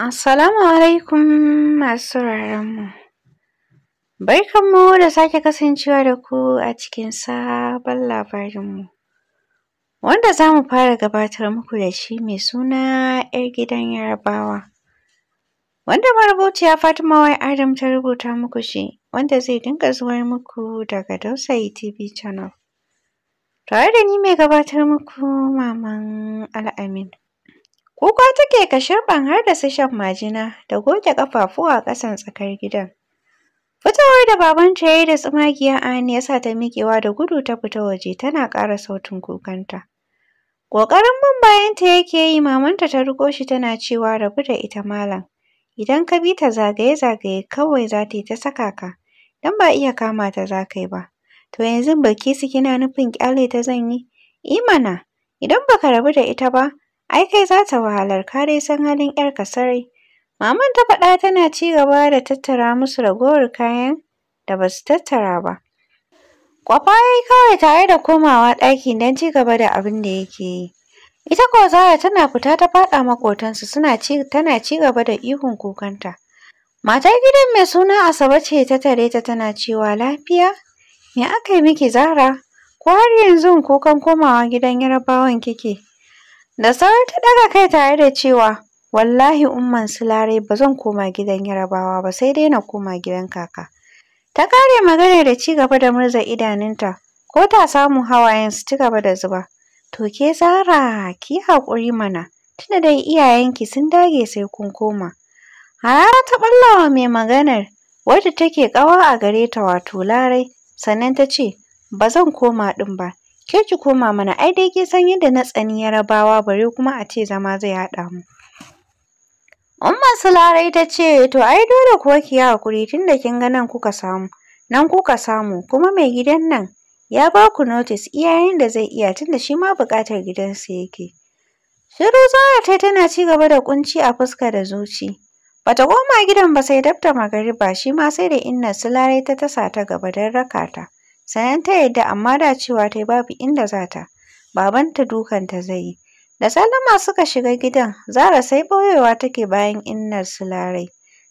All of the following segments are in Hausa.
Assalamu alaikum masu sauraronmu. Barkanmu da sake kasancewa da ku a cikin sabon labarinmu. Wanda za mu fara gabatar muku da shi mai suna ‘yar gidan Yarabawa. Wanda marubuciya Fatima Y. Adam ta rubuta muku shi, wanda zai dinga zuwar muku daga Dausayi TV Channel. Tare da ni mai gabatar muku Maman Al'amin. Kuka take kashirɓan har da su shan majina da goge ƙafafu a ƙasan tsakar gidan. Fitowar da babanta ya yi da tsumagiya Ani ya sa ta miƙewa da gudu ta fita waje tana ƙara sautin kukanta. Ƙoƙarin bin bayanta yake yi mamanta ta riƙo shi tana cewa rabu da ita malam. Idan ka bi ta zagaye-zagaye kawai za ta yi ta saka ka, don ba iya kama ta za ka yi ba. To yanzu Bilkisu kina nufin ƙyale ta zan yi? I mana, idan ba ka rabu da ita ba, ai kai za ta wahalar ka san halin 'yarka sarai. Maman ta faɗa tana ci gaba da tattara musu ragowar kayan da ba su tattara ba. Kwafa ya yi kawai tare da komawa ɗaki don ci gaba da abin da yake yi. Ita ko Zara tana fita ta faɗa maƙotansu suna ci tana ci gaba da ihun kukanta. Matar gidan mai suna Asabe ce ta tare ta tana cewa lafiya? Me aka yi miki Zara? Ko har yanzu kukan komawa gidan Yarabawan kike? Da sauran ta ɗaga kai tare da cewa wallahi umman su Larai ba zan koma gidan Yarabawa ba sai dai na koma gidan kaka. Ta kare magana da ci gaba da murza idanunta ko ta samu hawayen su ci gaba da zuba. To ke Zara ki haƙuri mana tunda dai iyayenki sun dage sai kun koma. Harara ta ɓallawa mai maganar wadda take ƙawa a gare ta wato Larai sannan ta ce ba zan koma ɗin ba Ke ki koma mana ai dai ke san yadda na tsani Yarabawa bare kuma a ce zama zai haɗa mu. Umma sulare ta ce to ai dole kuwa ki yi hakuri tunda kin ga nan kuka samu. Nan kuka samu kuma mai gidan nan ya ba ku notice iyayen da zai iya tunda shi ma buƙatar gidansa yake. Shiru Zara tai tana ci gaba da ƙunci a fuska da zuci. Bata koma gidan ba sai dabta magariba shi ma sai da inna sulare ta tasa ta gaba don raka ta. Sannan ta yadda amma da cewa ta yi babu inda za ta, babanta dukanta zai yi. Da sallama suka shiga gidan, Zara sai ɓoyewa take bayan innar su Larai,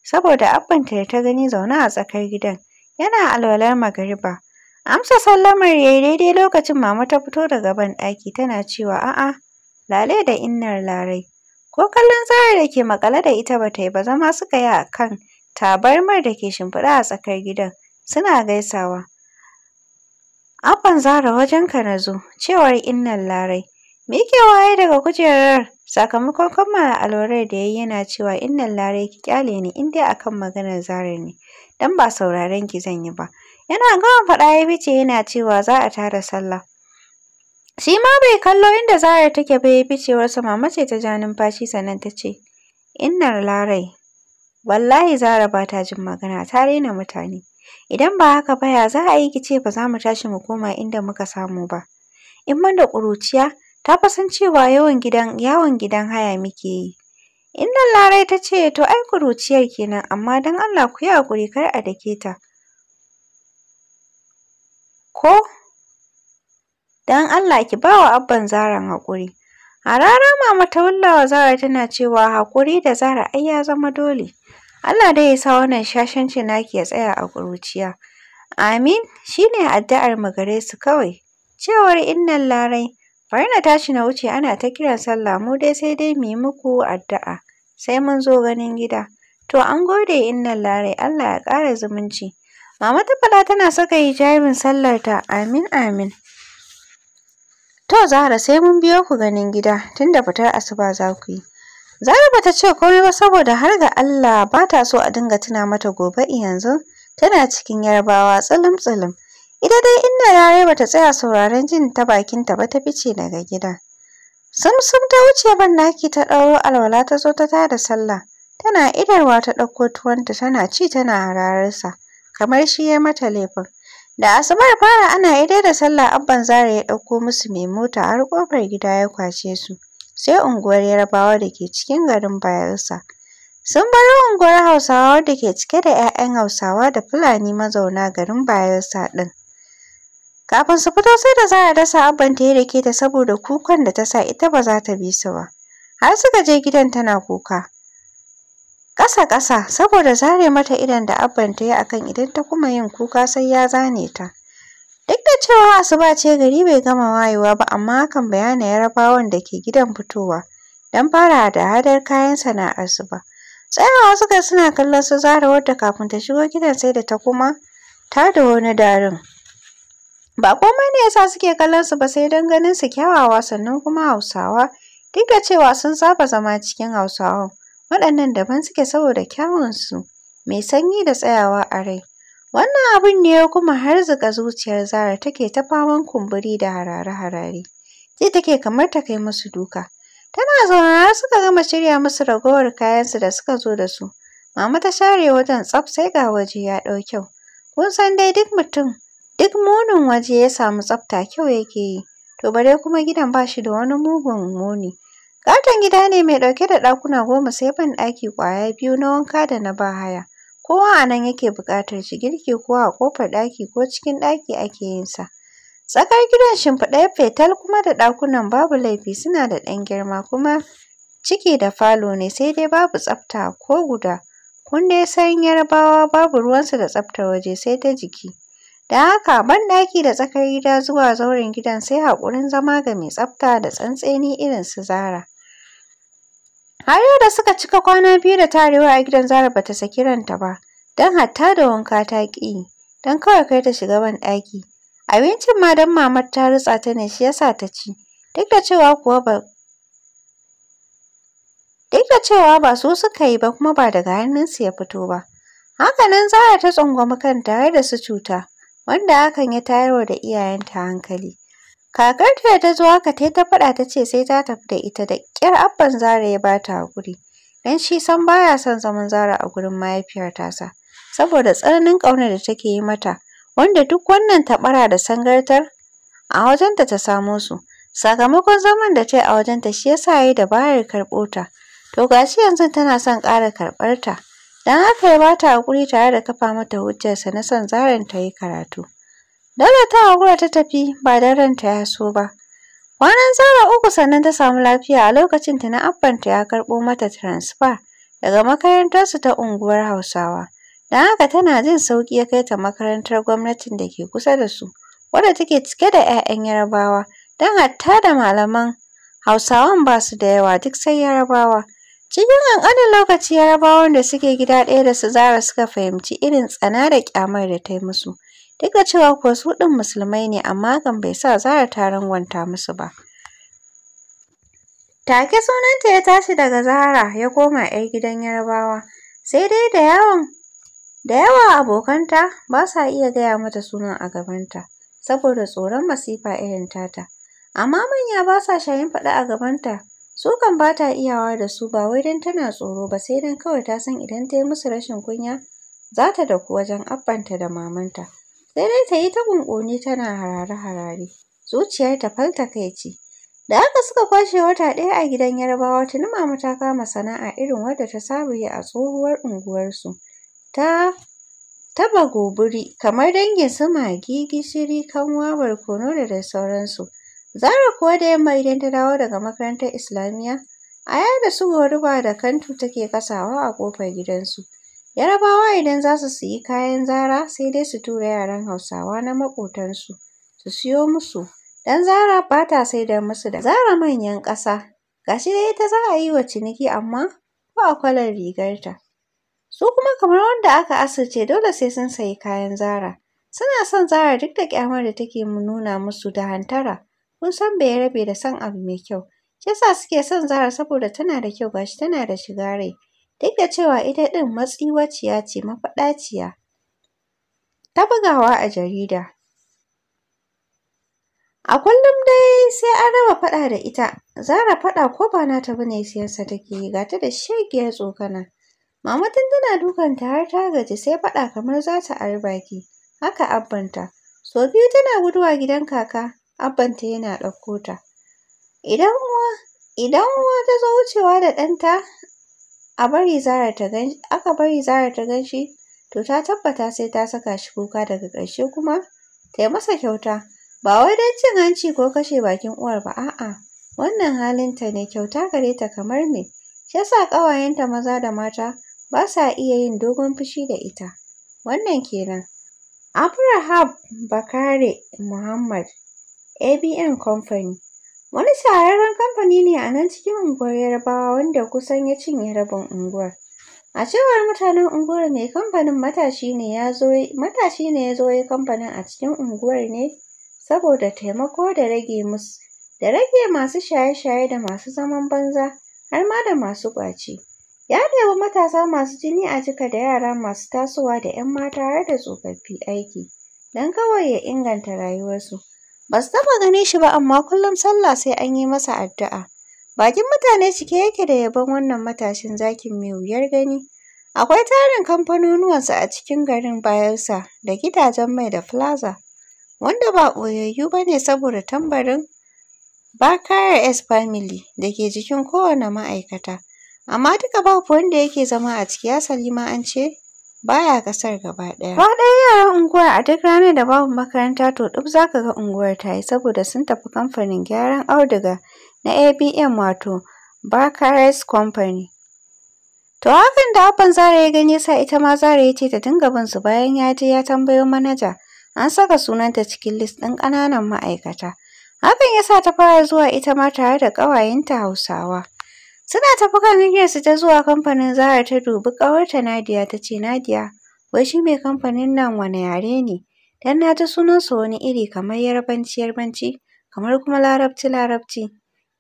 saboda abbanta da ta gani zaune a tsakar gidan, yana alwalar magariba. Amsa sallamar ya yi daidai lokacin mama ta fito daga banɗaki tana cewa a'a, Lale da innar Larai. Ko kallon Zara da ke maƙale da ita ba ta yi ba zama suka yi a kan tabarmar da ke shimfiɗa a tsakar gidan, suna gaisawa. Abban Zara wajenka na zo, cewar innan Larai. yake waye daga kujerar sakamakon kammala alwarar da ya yi yana cewa innan Larai ki kyale ni in dai akan maganar Zara ne, don ba sauraren ki zan yi ba. Yana gawan faɗa ya fice yana cewa za a tara sallah. Shi ma bai kallo inda Zara take ba ya bice wasu mama ta ja numfashi sannan ta ce, Innar Larai, wallahi Zara ba ta jin magana ta raina mutane. Idan ba haka ba ya za a yi ki ce ba za mu tashi mu koma inda muka samu ba. In man da ƙuruciya ta fa san cewa yawan gidan yawon gidan haya muke yi. In nan Larai ta ce to ai ƙuruciyar kenan amma don Allah ku yi haƙuri kar a dake ta. Ko don Allah ki ba wa abban Zaran haƙuri. A rana mama ta wulla Zara tana cewa haƙuri da Zara ai ya zama dole. Allah dai ya sa wannan shashanci naki ya tsaya a ƙuruciya. Amin shine addu'ar mu gare su kawai. Cewar innan larai, bari na tashi na wuce ana ta kiran sallah mu dai sai dai mu yi muku addu'a. Sai mun zo ganin gida. To an gode innan larai Allah ya ƙara zumunci. Mama ta faɗa tana saka hijabin sallarta amin amin. To Zahra sai mun biyo ku ganin gida tunda fitar asuba za ku yi. Zara ba ta ce komai ba saboda har ga Allah ba ta so a dinga tuna mata gobe yanzu tana cikin yarbawa tsalim-tsalim. Ita dai inda Larai ba ta tsaya sauraron jin ta bakin ta ba ta fice daga gida. Samsam ta wuce ban naki ta ɗauro alwala ta zo ta tada sallah. Tana idarwa ta ɗauko tuwonta tana ci tana harararsa, kamar shi ya mata laifin. Da asubar fara ana idai da sallah abban Zara ya ɗauko musu mai mota har ƙofar gida ya kwashe su. sai unguwar yarbawa da ke cikin garin Bayelsa. Sun baro unguwar Hausawa wadda ke cike da 'ya'yan Hausawa da Fulani mazauna garin Bayelsa ɗin. Kafin su fito sai da za a dasa abban ta da rake ta saboda kukan da ta sa ita ba za ta bi su ba. Har suka je gidan tana kuka. ƙasa-ƙasa saboda zare mata idon da abban ta yi akan idan ta kuma yin kuka sai ya zane ta. Duk da cewa asuba ce gari bai gama wayewa ba amma hakan bayana Yarabawan da ke gidan fitowa don fara hada-hadar kayan sana'arsu ba. Tsayawa suka suna kallon su zara wadda kafin ta shigo gidan sai da ta kuma ta da wani darin. Ba komai ne yasa suke kallon su ba sai don ganin su kyawawa sannan kuma Hausawa duk da cewa sun saba zama cikin Hausawa waɗannan daban suke saboda kyawunsu mai sanyi da tsayawa a rai. Wannan abun ne ya kuma harzuƙa zuciyar Zara take ta faman kumburi da harare-harare. Ji take kamar ta kai musu duka. Tana zaune har suka gama shirya musu ragowar kayansu da suka zo da su. Mama ta share wajen tsaf sai ga waje ya ɗau kyau. Kun san dai duk mutum, duk munin waje ya samu tsafta kyau yake yi. To bare kuma gidan ba shi da wani mugun muni. Ƙaton gida ne mai ɗauke da ɗakuna goma sai banɗaki ƙwaya biyu na wanka da na bahaya. Kowa a nan yake buƙatar shi, girki kuwa a ƙofar ɗaki ko cikin ɗaki ake yin sa. Tsakar gidan shimfiɗe fetal kuma da ɗakunan babu laifi suna da ɗan girma kuma ciki da falo ne sai dai babu tsafta ko guda. Kun dai san Yarabawa babu su da tsaftar waje sai ta jiki. dan haka ban ɗaki da tsakar gida zuwa zauren gidan sai haƙurin zama ga mai tsafta da tsantseni irin su Zara. Har yau da suka cika kwana biyu da tarewa a gidan Zara bata saki ranta ba, don hatta da wanka ta ƙi don kawai kai ta shiga banɗaki. Abincin ma don mamar ta rutsa ta ne shi yasa ta ci, duk da cewa ba su suka yi ba kuma ba daga hannunsu ya fito ba. Haka nan Zara ta tsangwami kanta har da su cuta, wanda hakan ya tayarwa da iyayenta hankali. kakarta da ta zo haka tai ta faɗa ta ce sai ta tafi da ita da ƙyar abban zara ya ba ta haƙuri don shi sam ba ya son zaman zara a gurin mahaifiyar tasa saboda tsananin ƙaunar da take yi mata wanda duk wannan taɓara da sangartar a wajenta ta samo su sakamakon zaman da ta yi a ta shi ya sa ya yi dabarar karɓo ta to ga shi yanzu tana son ƙara karɓar ta don haka ya ba ta haƙuri tare da kafa mata hujjarsa na son zaran ta yi karatu Dole ta haƙura ta tafi ba don ranta ya so ba. Kwanan Zara uku sannan ta samu lafiya a lokacin ta na abbanta ya karɓo mata transfer daga makarantarsu ta unguwar Hausawa. Don haka tana jin sauƙi ya kai ta makarantar gwamnatin da ke kusa da su, wadda take cike da 'ya'yan Yarabawa, don hatta da malaman Hausawan ba su da yawa duk sai Yarabawa. Cikin ƙanƙanin lokaci Yarabawan da suke gida ɗaya da su Zara suka fahimci irin tsana da ƙyamar da ta yi musu. Duk da cewa kuwa su ɗin musulmai ne amma hakan bai sa zara ta rangwanta musu ba. Take sunanta ya tashi daga Zahra ya koma 'yar gidan Yarbawa. Sai dai da yawan da yawa abokanta ba sa iya gaya mata sunan a gabanta saboda tsoron masifa irin tata. Amma manya ba sa shayin faɗa a gabanta su kan ba ta iyawa da su ba wai don tana tsoro ba sai don kawai ta san idan ta yi musu rashin kunya za ta daku wajen abbanta da mamanta. sai dai ta yi ta ƙunƙuni tana harare-harare zuciyarta fal takaici da haka suka kwashe wata ɗaya a gidan yarbawa tuni mama ta kama sana'a irin wadda ta saba yi a tsohuwar unguwarsu ta taɓa goburi kamar dangin su magi gishiri kanwa barkono da dai sauransu zara kuwa da yamma idan ta dawo daga makarantar islamiyya aya da su goruba da kantu take kasawa a ƙofar gidansu Yarabawa idan za su siyi kayan Zara sai dai su tura yaran Hausawa na maƙotansu su siyo musu, don Zara ba ta saida musu da Zara manyan ƙasa, ga shi dai ita za a yi wa ciniki amma ko a kwalar ta Su kuma kamar wanda aka asirce dole sai sun sayi kayan Zara. Suna son Zara duk da ƙyamar da take nuna musu da hantara. Kun san bai rabe da son abu mai kyau, shi suke son Zara saboda tana da kyau ga tana da shiga rai. duk da cewa ita ɗin matsiwaciya ce mafaɗaciya. Ta bugawa a jarida. A kullum dai sai an raba faɗa da ita, zara faɗa ko ba ta bane siyarsa take yi ga ta da shegiyar tsokana. Mama tana ta har ta gaji sai faɗa kamar za ta ari baki, haka abbanta. So biyu tana guduwa gidan kaka, abbanta yana ɗauko ta. Idan uwa, idan uwa ta zo wucewa da ɗanta, aka bari Zara ta gan shi to ta tabbata sai ta saka shi kuka daga ƙarshe kuma ta masa kyauta ba wai don cin hanci ko kashe bakin uwar ba a'a wannan halin ta ne kyauta gare ta kamar me shi ƙawayenta maza da mata ba sa iya yin dogon fushi da ita wannan kenan Abraham Bakare Muhammad ABN Company Wani shahararren kamfani ne a nan cikin unguwar Yarbawa wanda kusan ya cinye rabin unguwar. A cewar mutanen unguwar ne, kamfanin matashi ne ya zo ya kamfanin a cikin unguwar ne saboda taimako da rage masu shaye-shaye da masu zaman banza har ma da masu ƙwace. Ya ɗebi matasa masu jini a jika da yara masu tasowa da ‘yan mata har da tsofaffi aiki, don kawai ya inganta rayuwarsu. Ba su taɓa ganin shi ba amma kullum sallah sai an yi masa addu'a. Bakin mutane cike yake da yabon wannan matashin zakin mai wuyar gani. Akwai tarin kamfanonuwansa a cikin garin Bayelsa da gidajen mai da plaza, wanda ba ɓoyayyu ba ne saboda tambarin Bakare S Family da ke jikin kowane ma'aikata. Amma duka babu wanda yake zama a ciki ya salima an ce baya kasar gaba ɗaya. Ba ɗaya yaran unguwa a duk ranar da babu makaranta to duk zaka ga unguwar ta yi saboda sun tafi kamfanin gyaran auduga na ABM wato Barkares Company. To hakan da abban Zara ya gani sa ita ma Zara ya ce ta dinga bin su bayan ya je ya tambayo manaja. An saka sunanta cikin list ɗin ƙananan ma'aikata. Hakan ya sa ta fara zuwa ita ma tare da ƙawayenta Hausawa. Suna tafi kan su ta zuwa kamfanin Zahra ta dubi ƙawarta Nadiya ta ce, Nadiya, wai shi mai kamfanin nan wane yare ne? Dan na ji sunansa wani iri kamar Yarbanci Yarbanci, kamar kuma Larabci Larabci.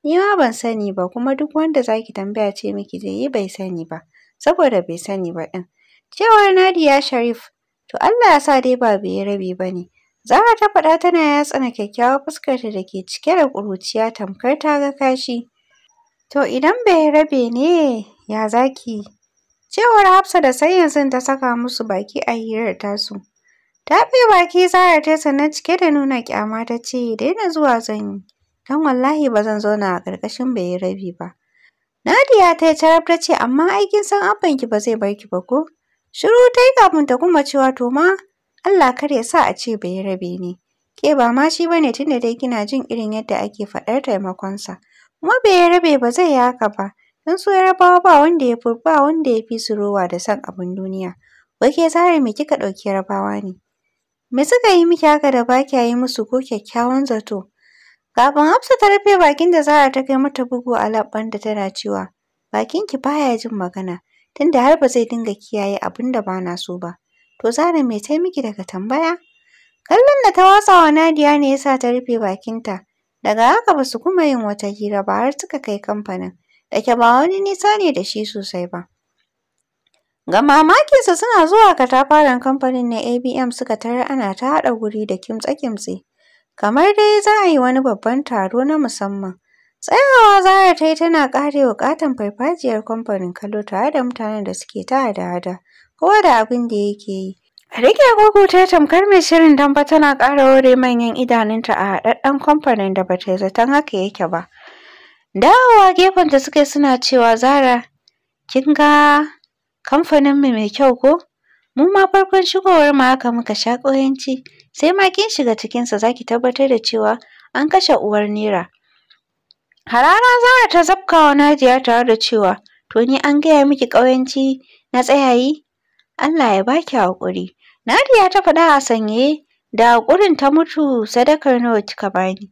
Ni ma ban sani ba kuma duk wanda za ki tambaya ce miki zai yi bai sani ba, saboda bai sani ba ɗin. Cewar Nadiya Sharif, to Allah ya sa dai ba bai rabi ba ne. Zahra ta faɗa tana yatsana kyakkyawar fuskarta da ke cike da ƙuruciya tamkar ta ga kashi. To idan rabe ne, ya za ki yi? Cewar Hafsa da sai yanzu ta saka musu baki a hirar tasu. Ta fi baki Zara ta sannan cike da nuna kyama ta ce, daina zuwa zan yi, don wallahi ba zan zauna a ƙarƙashin bai rabi ba. Nadiya ta yi carab ta ce, amma aikin san san ki ba zai bar ki ba ko? Shiru ta yi kafin ta kuma cewa to ma Allah kar ya sa a ce bai rabe ne. Ke ba ma shi ba ne tunda dai kina jin irin yadda ake faɗar taimakonsa. Kuma bai rabe ba zai yi haka ba, don su rabawa ba wanda ya fi ba wanda ya fi su rowa da san abin duniya. Wai ke Zara me kika ɗauki rabawa ne? Me suka yi miki haka da ba kya yi musu ko kyakkyawan zato? Kafin Hafsa ta rufe bakin da Zara ta kai mata bugu a da tana cewa, bakinki ba ya jin magana, tunda har ba zai dinga kiyaye abin da ba na so ba. To Zara me ta yi miki daga tambaya? Kallon da ta watsa wa Nadiya ne ya sa ta rufe bakinta. Daga haka ba su kuma yin wata hira ba har suka kai kamfanin, da ke ba wani nisa ne da shi sosai ba. Ga mamakinsa suna zuwa katafaren kamfanin na ABM suka tarar ana ta haɗa guri da kimtsa kimtse Kamar dai za a yi wani babban taro na musamman. Tsayawa Zahra ta yi tana ƙare wa ƙaton farfajiyar kamfanin kallo tare da mutanen da suke ta hada-hada, kowa da abin da yake yi. Rike gugu ta tamkar mai shirin don ba tana ƙara wuri manyan idanunta a haɗaɗɗen kamfanin da ba bata zaton haka yake ba. Dawowa gefenta suka suna cewa Zara kin ga kamfaninmu mai kyau ko? Mu ma farkon shigowar mu haka muka sha ƙauyanci sai ma kin shiga cikinsa za ki tabbatar da cewa an kashe uwar naira. Harara Zara ta zabkawa nadiya tare da cewa to ni an gaya miki ƙauyanci na tsayayi Allah ya baki haƙuri. Nadiya ta faɗa a sanye da haƙurin ta mutu sadakar nawa kika bani.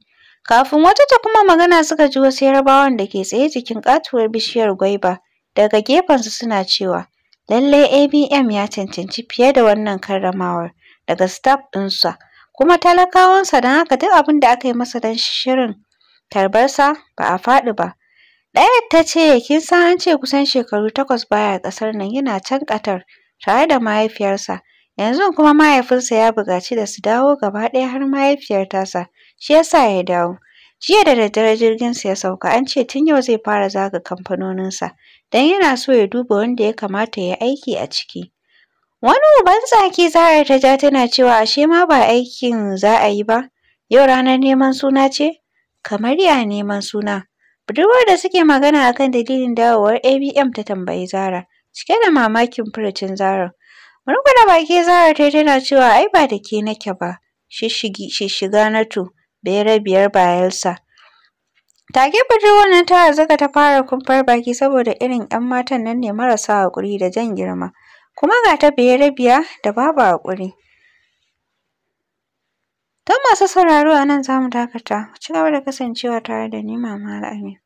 Kafin wata ta kuma magana suka ji wasu yarabawan da ke tsaye jikin ƙatuwar bishiyar gwaiba daga gefensu suna cewa lallai ABM ya cancanci fiye da wannan karramawar daga staff ɗinsa kuma talakawansa don haka duk abin da aka yi masa don shirin tarbarsa ba a faɗi ba. Ɗayar ta ce kin san an ce kusan shekaru takwas baya a ƙasar nan yana can ƙatar. tare da mahaifiyarsa yanzu kuma mahaifinsa ya buƙaci da su dawo gaba ɗaya har mahaifiyar tasa shi yasa ya dawo jiya da daddare jirginsa ya sauka an ce tun yau zai fara zaga kamfanoninsa don yana so ya duba wanda ya kamata ya yi aiki a ciki wani uban tsaki Zahra ta ja tana cewa ashe ma ba aikin za a yi ba yau ranar neman suna ce kamar ya neman suna budurwar da suke magana akan dalilin dawowar abm ta tambayi Zahra cike da mamakin furucin Zarar. Murguda baki Zarar ta tana cewa ai ba da ke nake ba, shishigi shishiga na to, biyar bayelsa. Take budurwar nan ta zaka ta fara kumfar baki saboda irin 'yan matan nan ne marasa haƙuri da jan girma, kuma ga ta biya da babu haƙuri. Don masu sauraro a nan za mu dakata, ku ci gaba da kasancewa tare da ni Mama Al'amin.